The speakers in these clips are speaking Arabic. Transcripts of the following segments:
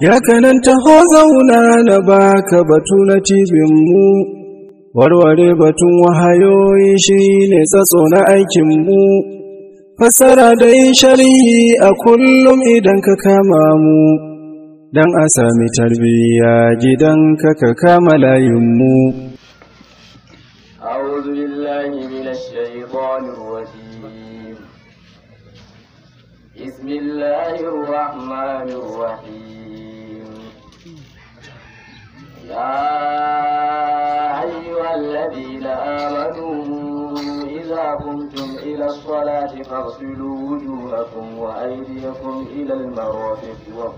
ya kanan taho zauna na baka batu na mu. warware batun wahayoyi shi ne tsatso na aikinmu fassara da yin sharhi a kullum idan ka kama mu don a sami tarbiyya gidan ka kama layinmu أعوذ بالله من الشيطان الرجيم بسم الله الرحمن الرحيم يا أيها الذين آمنوا إذا قمتم إلى الصلاة فاغسلوا وجوهكم وأيديكم إلى المرافق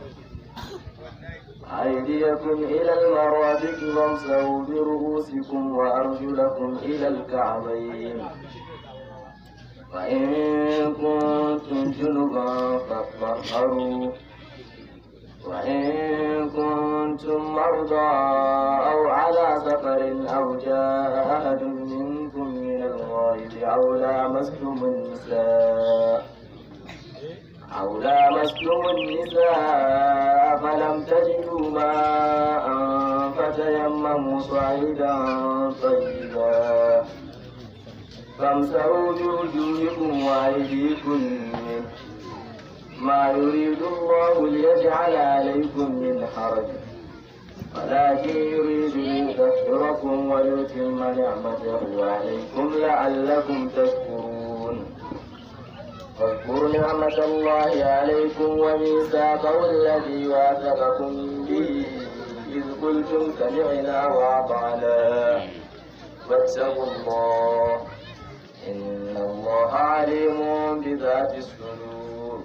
أيديكم إلى المرافق وامسحوا برؤوسكم وأرجلكم إلى الكعبين وإن كنتم جنبا فاطهروا وإن كنتم كنتم مرضى أو على سفر أو جاء أحد منكم من الغائب أو لامستم النساء أو لامستم النساء فلم تجدوا ماء فتيمموا صعيدا طيبا فامسحوا بوجوهكم وأيديكم ما يريد الله ليجعل عليكم من حرج ولكن يريد ليكفركم ويتم نعمته عليكم لعلكم تشكرون واذكروا نعمة الله عليكم وميثاقه الذي واثقكم به إذ قلتم سمعنا وأطعنا فاتقوا الله إن الله عليم بذات الصدور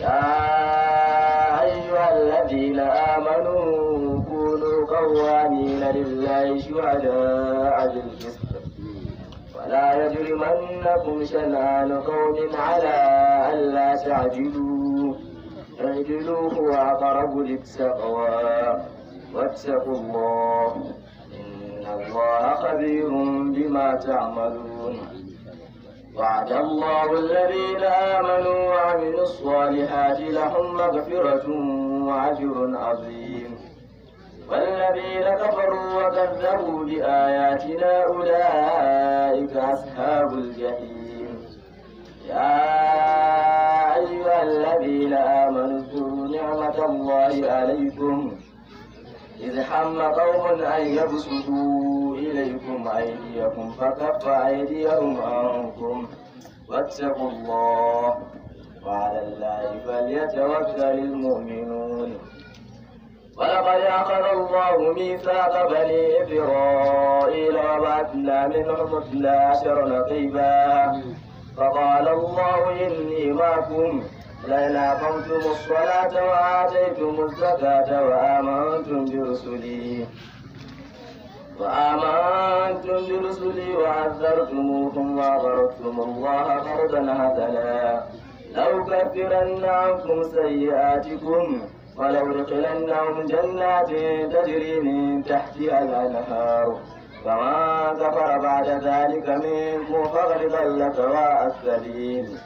يا عدل ولا يجرمنكم شنآن قوم على ألا تعجلوا اعجلوا هو أقرب للتقوى واتقوا الله إن الله خبير بما تعملون وعد الله الذين آمنوا وعملوا الصالحات لهم مغفرة وأجر عظيم والذين كفروا وكذبوا بآياتنا أولئك أصحاب الجحيم يا أيها الذين آمنوا اذكروا نعمة الله عليكم إذ حم قوم أن يبسطوا إليكم أيديكم فكف أيديهم عنكم واتقوا الله وعلى الله فليتوكل المؤمنون ولقد أخذ الله ميثاق بني إسرائيل وبعثنا منهم اثنا عشر نقيبا فقال الله إني معكم لئن أقمتم الصلاة وآتيتم الزكاة وآمنتم برسلي وآمنتم برسلي وعذرتموهم وأقرضتم الله قرضا حسنا لأكفرن عنكم سيئاتكم ولندخلنهم جنات تجري من تحتها الأنهار فمن كفر بعد ذلك منكم فاغلب اللك السبيل